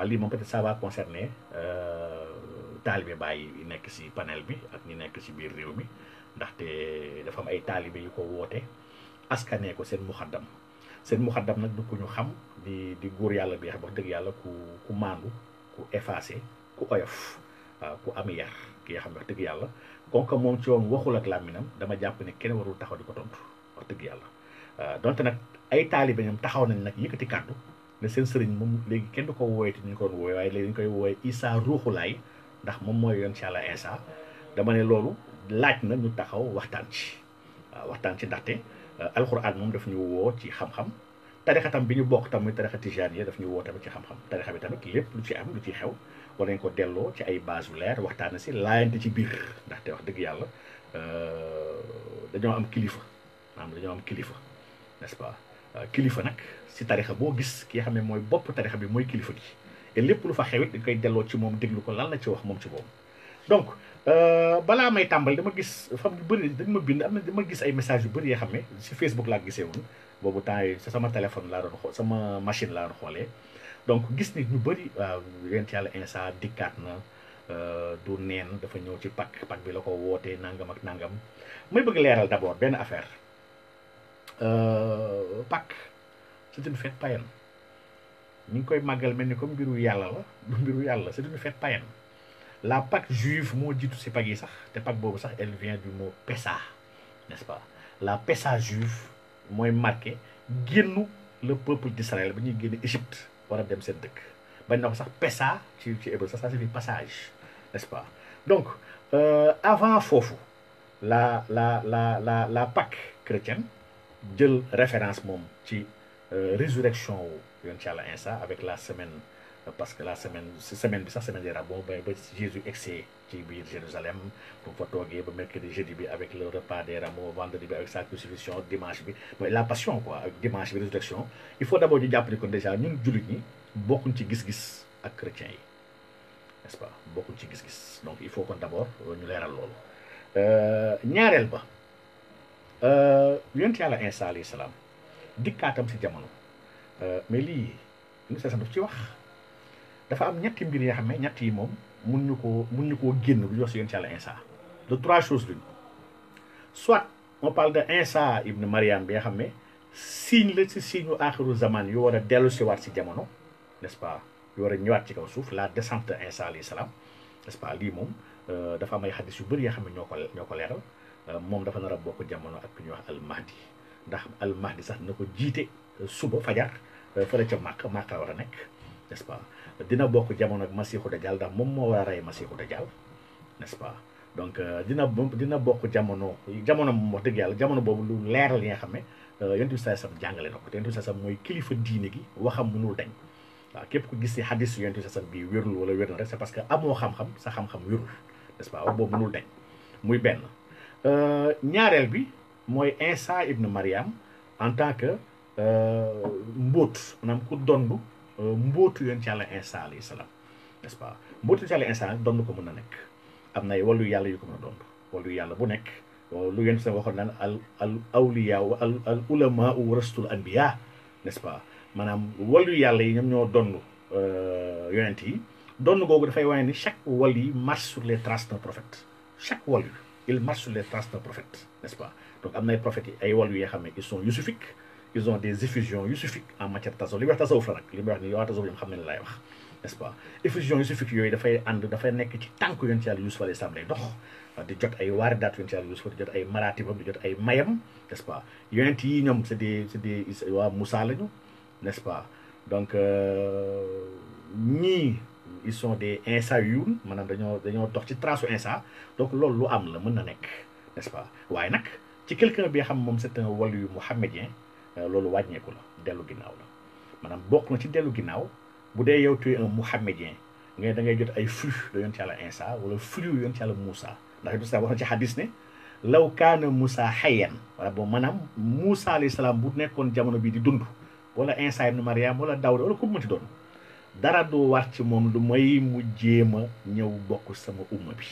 waaw kete moom peut-être ça va concerner euh, taalibe bàyyi ci panel bi ak ñi nekk ci biir réew mi ndaxte dafa am ay taalibe yu ko woote askanee ko sen muxaddam seen muxaddam du ko ñu di di góor yàlla bi wax dëgg ku ku manu ku efase ku oyof ku am yar ki nga xam ne wax dëgg yàlla konka moom ci woon waxul ak làmminam dama ne kene warul taxaw di ko tontu wax dëgg yàlla euh, donte nag ay taalibe ñoom taxaw nañ ne seen sëriñ moom léegi kenn ko wooyee te ñu ko woowee waaye léegi ñu koy woowee Issa Ruuxulaay ndax moom mooy yoon ci Yàlla Issa dama ne loolu laaj na ñu taxaw waxtaan ci waaw waxtaan ci ndaxte euh, alxuraan moom daf ñu woo ci xam-xam tarixatam bi ñu bokk tam muy tarixa tijaan yi daf ñu woo tamit ci xam-xam tarixa bi tamit lépp lu ci am lu ciy xew war nañ ko delloo ci ay base bu leer waxtaan si laayante ci biir ndaxte wax dëgg yàlla euh, dañoo am kilifa am dañoo am kilifa Euh, kilifa nag si tarixa boo gis ki nga xam ne mooy bopp tarixa bi mooy kilifa gi et lépp lu fa xewit dañ koy delloo ci moom déglu ko lan la ci wax moom ci boobu donc euh, balaa may tàmbali dama gis fam yu bëri dañ ma bind am na dama gis ay message yu bëri yoo xam ne si Facebook laa gisee boobu temps yi sama téléphone laa doon sama machine laa xoolee donc gis nit ñu bëri waaw yent yàlla insa dikkaat na euh, du neen dafa ñëw ci pak pak bi la ko wootee nangam ak nangam may bëgg leeral d'abord benn affaire Euh, Pâques c'est une fête païenne ñu ngi magal màggal ni comme mbiru yalla la du mbiru c'est une fête païenne la Pâque juive moi dit tout Pâques pas sax te Pâque boobu elle vient du mot Pessa n'est-ce pas la Pessa juive moi marqué génnu le peuple d'Israël ba ñuy Égypte war dem seen dëkk bañ na ko sax Pessa tu tu hébreu sax ça signifie passage n'est-ce pas donc euh, avant Fofu, la la la la la Pâque chrétienne jël référence mom ci euh, résurrection wu yoon ci avec la semaine euh, parce que la semaine semaine bi sax semaine des rameaux ba Jésus egsee ci biir Jérusalem pour fa toogee ba mercredi jeudi bi avec le repas des rameaux vendredi bi avec sa crucifixion dimanche bi la passion quoi avec dimanche bi résurrection il faut d'abord abord ni kon déjà ñun de ñi bokkuñ ci gis-gis ak chrétiens yi ce pas bokkuñ ci gis-gis donc il faut kon d'abord euh, ñu léral lolu euh ñaarel ba. Euh, yonent yàlla Iisaa alayhi salaam dikkaatam si jamono euh, mais lii lu see sax daf ci wax dafa am ñetti mbir yoo xam ne ñett yi moom mun ñu koo mun ñu koo génn bu ñu wax si yonent yàlla Iisaa de trois choses luñ soit on parle de Iisaa ibn Mariam bi nga xam ne signe la si signe aaxiru zaman yu war a dellu si waat si jamono n'est-ce pas yu war a ñëwaat ci kaw suuf la descente de Iisaa alayhi salaam n'est-ce pas lii moom euh, dafa am ay xaddis yu bëri yoo xam ne ñoo ko ñoo ko leeral Eh, mom dafa nara a jamono ak ñu wax al almahdi ndax almahdi sax nako jité eh, suba fajar eh, fële ca màkk makka war nek n'est-ce pas dina bokk jamono ak masihu dajal ndax mom mo wara ray masihu dajal n'est-ce pas donc dina dina bokk jamono jamono mom wax deug yalla jamono bobu lu leer li nga xamé ne sa sam jàngale na ko te sam mooy kilifa diine gi waxam nul dañ gis hadis yonent bi saa sam wala wernul rek c'est parce que amo xam-xam sa xam-xam wernul n'est-ce pas bobu mu nul dañ muy benn Euh, ñaareel bi mooy Insa ibn Mariam en tant que euh, mbóot maanaam ku dondu euh, mbóotu yoon ci yàlla Insa alayhi salaam n'est-ce pas mbóotu ci yàlla Insa nag dondu ko mën na nekk am na ay wàllu yàlla yu ko mën a dondu wàllu yàlla bu nekk lu yéen sa waxoon naan al al awliya wa al al ulama warasatul anbiya n'est-ce pas maanaam wallu yàlla yi ñoom ñoo dondu yonent yi dondu googu dafay wane ni chaque wàll yi marche sur les traces d'un prophète chaque wàll il marche sur les traces d'un prophète, n'est-ce pas Donc, il y a des prophètes ils sont yusufiques, ils ont des effusions yusufiques en matière de tasawuf. Li wax tasawuf la nag li muy wax ni yow tasawuf wax n'est-ce pas effusions yusufiques yooyu dafay ànd dafay nekk ci tànk yonent yàlla Yusuf alayhi salaam lay dox di jot ay waaridaat yonent yàlla Yusuf di jot ay maratibam di jot ay mayam n'est-ce pas yonent yi ñom c'est des c'est des wa Moussa lañu n'est-ce pas donc ni euh, ils sont des yu yun maanaam dañoo dañoo dox ci trace instant donc loolu lu am la mën na nekk n'est-ce pas waaye nag ci quelqu'un bi xam moom c'est un waliyu mohammédien euh, loolu wàññeeku la dellu ginnaaw la maanaam bokk na ci dellu ginnaaw bu dee yow tu es un mohammédien ngay da ngay jot ay flux da yoon ci yàlla insa wala flux yoon ci yàlla Moussa ndax du sa wax na ci hadis ne law kaana Moussa xayan wala boobu maanaam Moussa alayhi salaam bu nekkoon jamono bii di dund wala insa ibn Mariam wala Daawuda wala ku doon dara du war ci moom lu may mu jéem ñëw bokk sama umma bi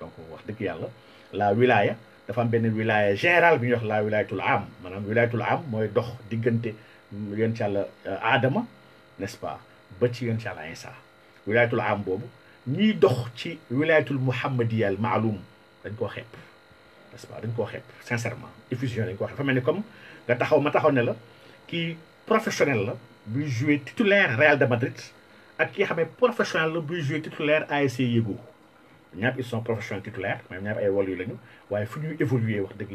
donc wax dëgg yàlla la wilaya dafa am benn wilaya général bi ñuy wax la wilayatul am maanaam wilayatul am mooy dox diggante yoon ci yàlla aadama euh, n'est-ce pas ba ci yoon ci yàlla insa wilayatul am boobu ñiy dox ci wilayatul muhammadiyal maalum dañ koo xeeb n'est-ce dañ koo xeeb sincèrement effusion dañ koo xeeb fa mel ni comme nga taxaw ma taxaw ne la kii professionnel la buy titulaire Real de Madrid ak ki xamé professionnel le titulaire ils sont professionnels titulaires mais ils ay wàll lañu waye fu évoluer wax du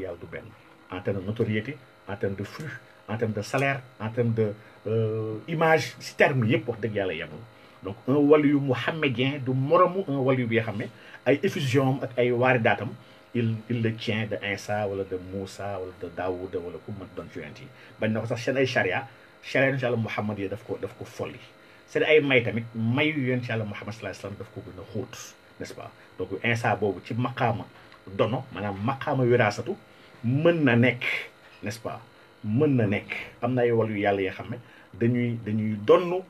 en termes de notoriété en termes de flux en termes de salaire en termes de euh, image si terme yépp wax donc un wàll mohammedien du un bi ay effusion il le tient de Isa de Moussa wala de Daoud wala ku don charia charia yonent yàlla Muhammad yi daf ko daf ko folli seen ay may tamit mayu yonent yàlla Muhammad sallallahu alayhi wasallam daf ko gën a xóot n'est-ce pas donc instant boobu ci maqaama dono maanaam maqaama wiraasatu mën na nekk n'est-ce pas mën na nekk am na ay yu yàlla yoo xam ne dañuy dañuy donnu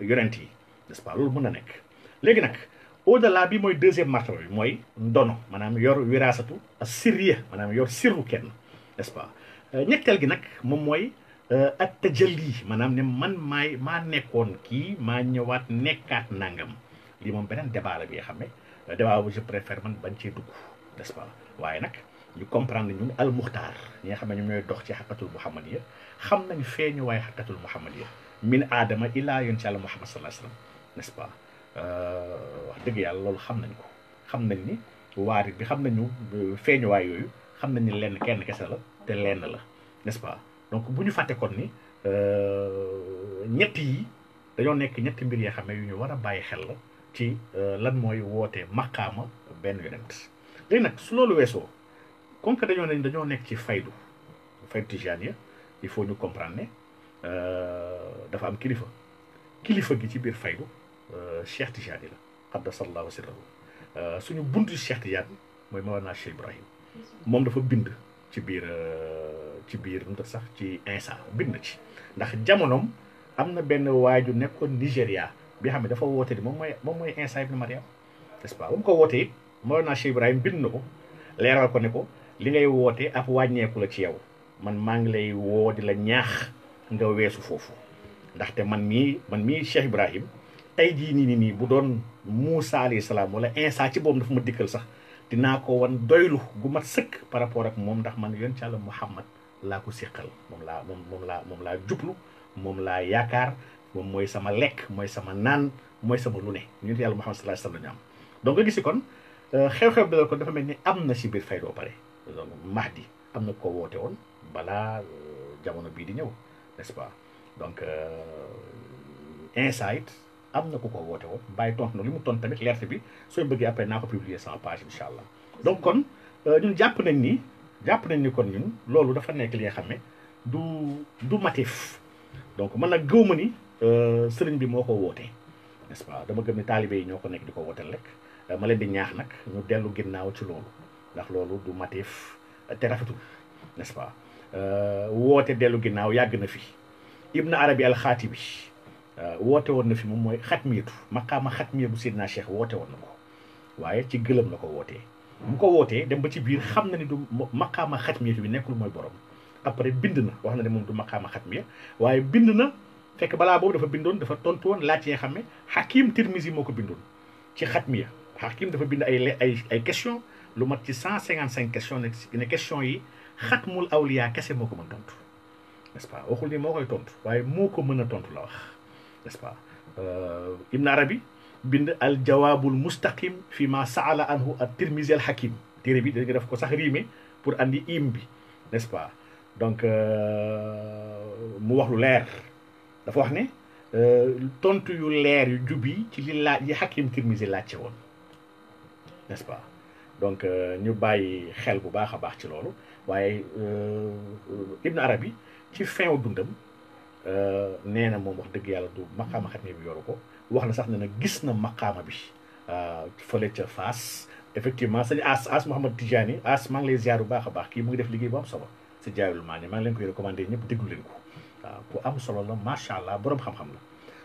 yonent yi n'est-ce pas loolu mën na nekk léegi nag de la bi mooy deuxième martaba bi mooy dono maanaam yor wiraasatu sirriya maanaam yor sirru kenn n'est-ce pas euh, ñetteel gi nag moom mooy Euh, ak tajalli maanaam ne man maay maa nekkoon kii maa ñëwaat nekkaat nangam lii moom beneen débat bi nga xam ne euh, débat bu man bañ cee dugg n'est-ce pas waaye nag ñu comprendre ñun al muxtaar ñi nga xam ne ñoom ñooy dox ci xaqatul muhammadiya xam nañ feeñu waaye xaqatul muhammadiya min aadama ilaa yoon ci àlla muhammad sallallahu alayhi wasallam n'est-ce pas euh, wax dëgg yàlla loolu xam nañ ko xam nañ ni waarit bi xam nañu feeñuwaay yooyu xam nañ ni lenn kenn kese la te lenn la nest pas donc bu ñu fàtte kon ni euh, ñett yi dañoo nekk ñetti mbir yoo xam ne yu ñu war a bàyyi xel la ci euh, lan mooy woote maqaama benn yonent léegi nag su loolu weesoo comme que dañoo ne dañoo nekk ci faydu faydu tijaaniya il faut ñu comprendre ne euh, dafa am kilifa kilifa gi ci biir faydu cheikh tijaani la xaddasallahu sirrahu suñu buntu cheikh tijaani mooy Mawlana Cheikh Ibrahim moom dafa bind ci biir euh, ci biir mu sax ci instant bind ci ndax jamonoom am na benn waaju nekkoon Nigéria bi xam ne dafa woote di moom mooy moom mooy Isa ibn Maryam n'est-ce pas ba mu ko wootee it Mawlana Cheikh Ibrahim bind na ko leeral ko ne ko li ngay wootee ab wàññeeku la ci yow man maa ngi lay woo la ñaax nga weesu foofu ndaxte man mii man mii Cheikh Ibrahim tey jii nii nii nii bu doon Moussa alayhi salaam wala instant ci boobu dafa ma dikkal sax dinaa ko wan doylu gu mat sëkk par rapport ak moom ndax man yoon ci Yàlla Muhammad laa ko séqal moom laa moom moom laa moom laa jublu moom laa yaakaar moom mooy sama lekk mooy sama naan mooy sama lu ne ñun yàlla Muhammad sallallahu alayhi wasallam la ñu am donc nga gisi kon euh, xew-xew bi la ko dafa mel ni am na si biir fayda ba pare donc Mahdi am na ko woote woon balaa euh, jamono bii di ñëw n'est-ce pas donc euh, insight am na ku ko woote woon bàyyi tontu na lu mu tontu tamit lettre bi soo bëggee après naa ko publier sans page incha allah donc kon euh, ñun jàpp nañ ni jàpp nañ ni kon ñun loolu dafa nekk li nga xam ne du du matif donc mën nag gëw ma ni euh, sëriñ bi moo ko woote n'est-ce pas dama gëm ni taalibe yi ñoo ko nekk di ko wooteel rek euh, ma leen di ñaax nag ñu dellu ginnaaw ci loolu ndax loolu du matif te rafetul n'est-ce woote dellu ginnaaw yàgg na fi ibn arabi al xaatibi wote won na fi mom moy xatmiyatu maqama khatmiya bu Seydina Cheikh wote won nako waye ci geuleum la wote mu ko wote dem ba ci bir xamna ni du maqama xatmiyatu bi nekul moy borom après bind na wax na ni mom du maqama khatmiya waye bind na fek bala bobu dafa bindon dafa tontu won la ci nga xam Hakim Tirmizi moko bindon ci khatmiya Hakim dafa bind ay ay ay question lu mat ci 155 cinquante cinq question ne question yi khatmul awliya kesse moko mën tontu n'est-ce pas waxul ni moo koy tontu waye moko mëna tontu la wax n'est-ce pas euh, Ibn Arabi bind al jawaabul mustaqim fi ma saala anhu at tirmisi al hakim téere bi da nga def ko sax riime pour andi im bi n'est-ce pas donc euh, mu wax lu leer dafa wax ne euh, tontu yu leer yu jubi ci li laaj yi hakim tirmisi laajte woon n'est-ce pas donc ñu bàyyi xel bu baax a baax ci loolu waaye Ibn Arabi ci fin dundam Euh, nee na moom wax dëgg yàlla du maqaama xatmi bi yoru ko wax na sax ne na gis na maqaama bi euh, fële ca Fass effectivement sëñ As As Mouhamad Tijani As maa ngi lay ziar bu baax a baax kii mu ngi def liggéey bu am solo si jaayul maa ne maa ngi leen koy recommandé ñëpp déglu leen ko waaw ku am solo la macha allah borom xam-xam la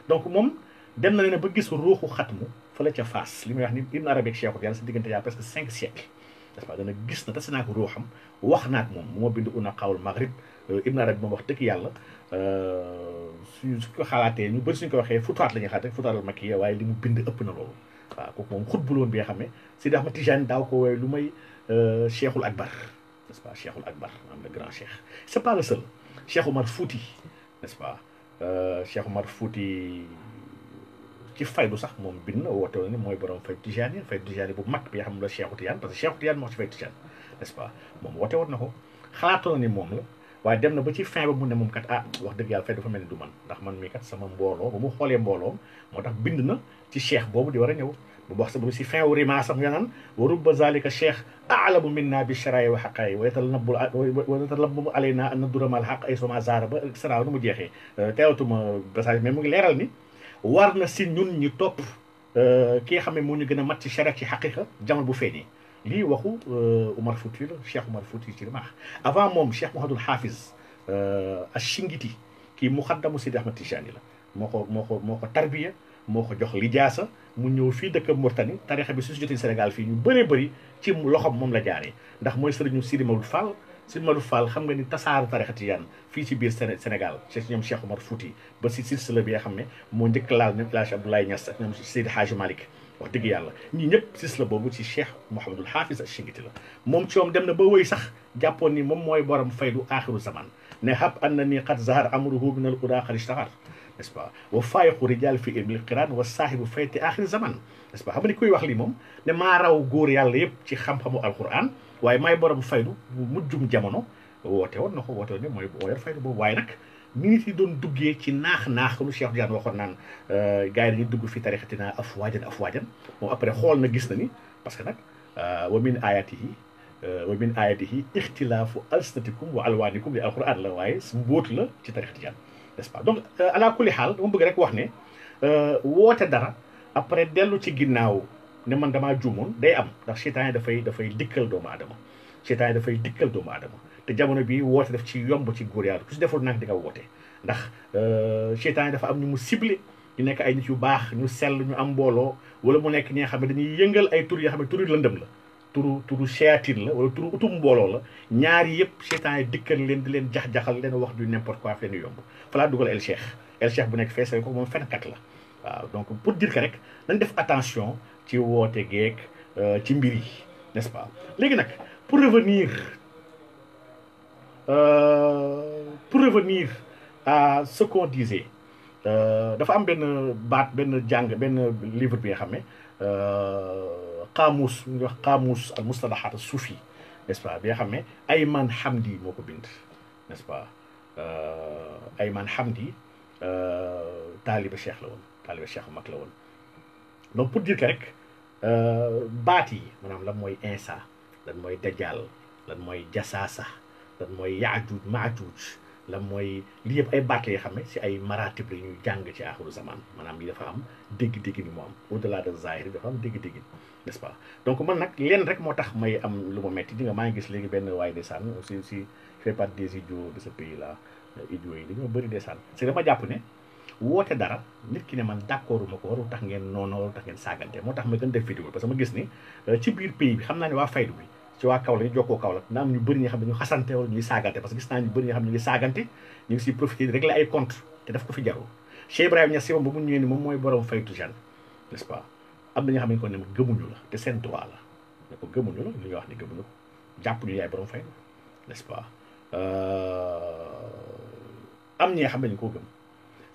donc moom dem na ne ba gis ruuxu xatmu fële ca Fass li muy wax ni Ibn Arabi ak Cheikh yàlla sa diggante yaa presque cinq n'est-ce pas dana gis na tase naa ko ruuxam wax naa ak moom moo bind una xawul maghrib euh, ibn arabi moom wax dëgg yàlla euh, suñ su ko xalaatee ñu bëri suñ ko waxee futaat la ñuy xalaatee futaatal makkiya waaye li mu bind ëpp na loolu waaw kooku moom xut bu loon bi nga xam ne Sidi Ahmad Tijaan daaw ko woowee lu may euh, cheikhul akbar n'est-ce pas cheikhul akbar maanaam le grand cheikh c'est pas le seul Cheikh Omar Fouti n'est-ce pas Cheikh Omar Fouti ci bu sax mom bin na ni moy borom fay tijaan fay tijaan bu mak bi nga xam ne Cheikhu Tijaan parce que cheikh Tijaan mo ci fay tijaan n'est-ce pas mom woote woon nako xalaato ni mom la waaye dem na ba ci fin ba mu ne mom kat ah wax deug yalla fay dafa melni ni du man ndax man mi kat sama mbolo bu mu xoolee mbolo motax bind na ci cheikh bobu di wara a bu wax sa bu ci fin wu rima sax nga ya nan wa rubba zalika cheikh aalamu minna bi sharai wa xaqaayi wa yatalabbu wa yatalabbu alayna an naduramal xaq ay suma zara ba sara nu mu jexé teewatuma message mais mu ngi leral ni war na si ñun ñu topp euh, ki nga xam ne moo ñu gën a mat ci charia ci xaqiqa jamono bu feeñee lii waxu euh, Umar Fouti la Cheikh Umar Fouti ci maax avant moom Cheikh Mouhamadoul Hafiz euh, Ashingiti kii muxaddamu Sidi Ahmad Tijani la moo ko moo ko moo ko tarbiya moo ko jox lijaasa mu ñëw fii dëkk Mourtani tarixa bi su si jotee Sénégal fii ñu bëree bëri ci loxo moom la jaaree ndax mooy sëriñu Sidi Maodo Fall sëñ Madou Fall xam nga ni tasaare tarixa tijaan fii ci biir Sénégal ci ñoom Cheikh Omar Fouti ba si silsila bi nga xam ne moo njëkk laal ñoom El Hadj Abdoulaye Niass ak ñoom Seydi Hadji Malick wax dëgg yàlla ñii ñëpp silsila boobu ci Cheikh Mouhamadul Hafiz Shingiti la moom ci moom dem na ba wëy sax jàppoon ni moom mooy borom faydu aaxiru zaman ne xab an na ni xat zahar amruhu min al ura xaristahar n'est-ce pas wa faayiqu rijal fi ilmil qiran wa saahibu fayti aaxiri zaman n'est-ce pas xam nga ni kuy wax lii moom ne maa raw góor yàlla yëpp ci xam-xamu alquran waaye maay borom faydu bu mujjum jamono woote woon na ko woote woon ne mooy wooyal faydu boobu waaye nag nit yi doon duggee ci naax-naax lu Cheikh Diagne waxoon naan euh, gars yi dañuy dugg fi tarixatina afwaajan afwaajan moom après xool na gis na ni parce que nag euh, wa min ayatihi euh, wa min ayatihi ixtilaafu alsinatikum wa alwaanikum li alquran la waaye su mbóotu la ci tarix Tijaan n'est-ce pas donc ala kulli xaal dama bëgg rek wax ne woote dara après dellu ci ginnaaw ne man damaa juumoon day am ndax seytaane dafay dafay dikkal doomu aadama seytaane dafay dikkal doomu aadama te jamono bi woote def ci yomb ci góor yàlla ku si di nga woote ndax euh, seytaane dafa am ñu mu ciblé ñu nekk ay nit yu baax ñu sell ñu am mbooloo wala mu nekk ñi nga xam ne dañuy yëngal ay tur yoo xam ne turu lëndëm la turu turu seyatin la wala mbooloo la ñaar yëpp seytaane dikkal leen di leen jax-jaxal leen wax du n'importe quoi leen yomb falaa dugal el cheikh el cheikh bu nekk feesal ko moom fenkat la waaw pour dire que rek nañ def attention ci woote geek euh, ci mbir yi n'est-ce pas léegi nag pour revenir euh, pour revenir à ce qu'on disait euh, dafa am benn baat benn jàng benn livre bi nga xam ne qaamuus ñu wax qaamuus al mustalahaat al suufi n'est-ce pas bi nga xam ne Ayman Hamdi moo ko bind n'est-ce pas Ayman Hamdi taaliba cheikh la woon taaliba cheikh mag la woon donc pour dire que rek euh, baat yi maanaam lan mooy instant lan mooy dajal lan mooy jasaasa lan mooy yaajuuj maajuuj lan mooy li yëpp ay baat la yoo xam ne si ay maratib la ñuy jàng ci aaxiru zaman maanaam yi dafa am dégg-dégg bi mu am au delà de zahir dafa am dégg-dégg nest pas donc man nag leen rek moo tax may am lu ma metti di maa ngi gis léegi benn waaye ndeysaan aussi aussi fait partie des idiots de ce pays là euh, idiots yi dañoo bëri ndeysaan c'est dama jàpp ne wote dara nit ki ne man d'accordu mako waru tax ngeen noonu warul tax ngeen sagante motax ma gën def vidéo parce que ma gis ni euh, ci biir pays bi xam naa ne waa faydu bi ci waa la ñu jokkoo Kaolack na am ñu bëri ñoo xam ne ñu xasante wala ñuy sagante parce que gis naa ñu bëri ñoo xam ne ñu ngi saagante ñu ngi siy profité régler ay compte te daf ko fi jaru Cheikh Ibrahima Niass moom ba mu ñëwee ni moom mooy borom faydu jeune n' est ce pas am na ñoo xam ne ko ne gëmuñu la te seen droit la ne ko gëmuñu la ñu nga wax ni gëmuñu ko jàpp ñu yaay borom faydu n' est ce pas euh, am ñi nga xam ne ko gëm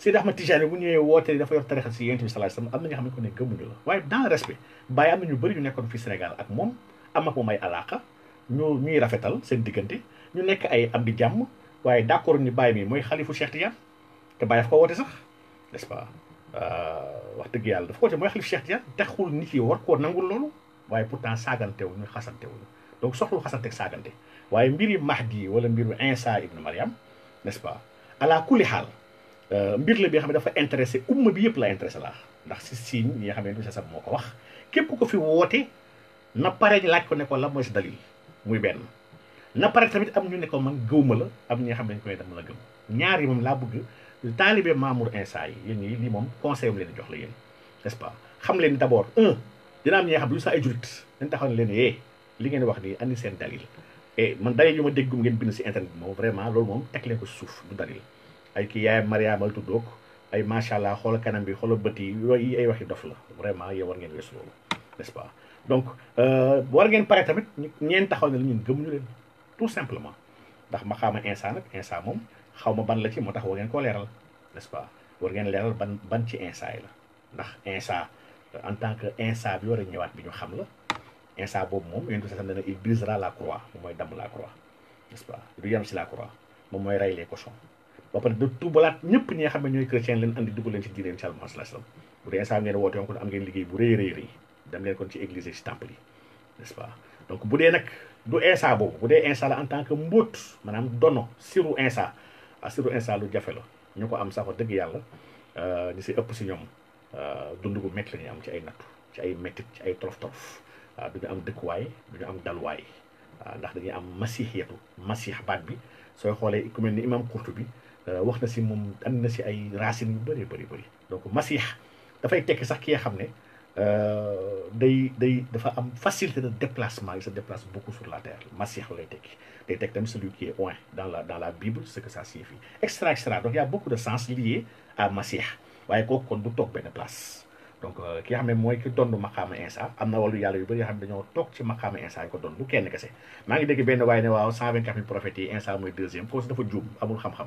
Seydi Ahmad Tijaani bu ñëwee wootee dafa yor tarixa si yonent bi sallallahu alayhi am na nga xam ne ko ne gëmuñu la waaye dans respect bàyyi na ñu bëri ñu nekkoon fii Sénégal ak moom am ko moom ay alaaka ñu ñuy rafetal seen diggante ñu nekk ay am di jàmm waaye d'accord ñu bàyyi mi mooy xalifu Cheikh Tidiane te bàyyi daf ko woote sax n'est-ce pas euh, wax dëgg yàlla dafa woote mooy xalifu Cheikh Tidiane taxul nit yi war koo nangul loolu waaye pourtant saagantewuñu xasantewuñu donc soxlu xasante ak saagante waaye mbiri Mahdi wala mbiru Insa ibnu Mariam n'est-ce pas ala kulli xaal Euh, mbir la bi xam ne dafa intéressé uma bi yëpp la intéressé laa ndax si siiñ ñi xam ne sa Sall moo ko wax képp ko fi woote na pare ñu laaj ko ne ko la mooy si dalil muy benn na pare tamit am ñu ne ko man gëwma la am ñi xam ne dañ koy dama la a ñaar ñaari moom laa bëgg taalibe Mamour Insa yi lii moom conseil am leen jox la yéen n'est-ce xam leen d' abord un dina am ñi xam lu sax ay jurit dañ taxaw ne leen eh, li ngeen wax nii andi seen dalil et eh, man si internet bi vraiment loolu moom teg leen ko suuf du dalil ay ki yaayam mariamal tuddoog ay macha allah xool kanam bi xol beuti yoy ay waxi dof la vraiment yow war ngeen wess lolu nest ce pas donc euh war ngeen paré tamit ñeen taxaw ne ñeen gëm ñu leen tout simplement ndax ma xama instant nag instant mom xawma ban la ci motax tax war ngeen ko leral nest ce pas war ngeen leral ban ban ci instant la ndax instant en tant que instant bi wara ñëwaat bi ñu xam la instant boobu mom yéen sa dana il brisera la croix moom mooy damm la croix nest ce pas du yam ci la croix moom mooy ray les cochons ba pare da tuubalaat ñëpp ñi nga xam ne ñooy chrétien leen andi dugg leen ci diineen ci almasi la salam bu dee saa ci église ci temple yi pas donc bu dee nag du insa boobu bu dee insa la en tant que mbóot maanaam dono siru insa ah siru lu jafe la ñu ko am sax wax dëgg yàlla euh, ñu si ëpp si ñoom euh, dund gu métti la ñu am ci ay nattu ci ay méttit ci ay torof torof ah, du ñu am dëkkuwaay du ñu am dalwaay waaw ah, ndax dañuy am masihiyatu masih baat bi sooy xoolee ku mel ni imam bi Euh, wax na si moom ànd na si ay racines yu bëri bëri bëri donc masiix dafay tekki sax ki nga xam ne euh, day day dafa am facilité de déplacement il se déplace beaucoup sur la terre masiix lay tekki day tekki tamit celui qui est loin dans la dans la Bible ce que ça signifie extra extra donc y a beaucoup de sens lié à masiix waaye kooku kon du toog benn place donc euh, ki nga xam ne mooy ki dondu maqaama insa am na wàllu yàlla yu bëri yoo xam ne dañoo toog ci maqaama maa ngi dégg benn waaye waaw 124 000 prophètes yi insa mooy deuxième kooku amul xam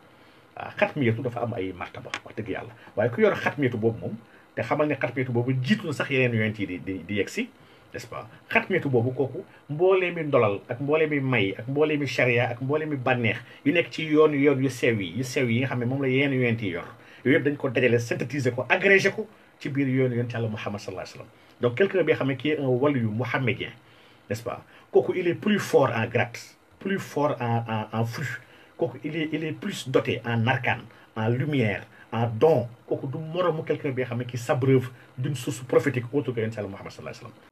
Ah, xatmiyatu dafa am ay martaba wax dëgg yàlla waaye ku yor xatmiyatu boobu moom te xamal n'est-ce pas xatmiyatu boobu kooku mi ndolal ak mi may ak mi charia ak mi bànneex yu nekk ci yoon yoon yu sew yu sew yi nga xam ne la yor ko ko ko ci Muhammad donc quelqu'un est un nest il est plus fort en grâce plus fort en en flux il est il est plus doté en arcane en lumière en don kooku du moromu quelqu'un qui s'abreuve d'une source prophétique autre que yonent Yàlla Muhammad sallallahu alayhi wa sallam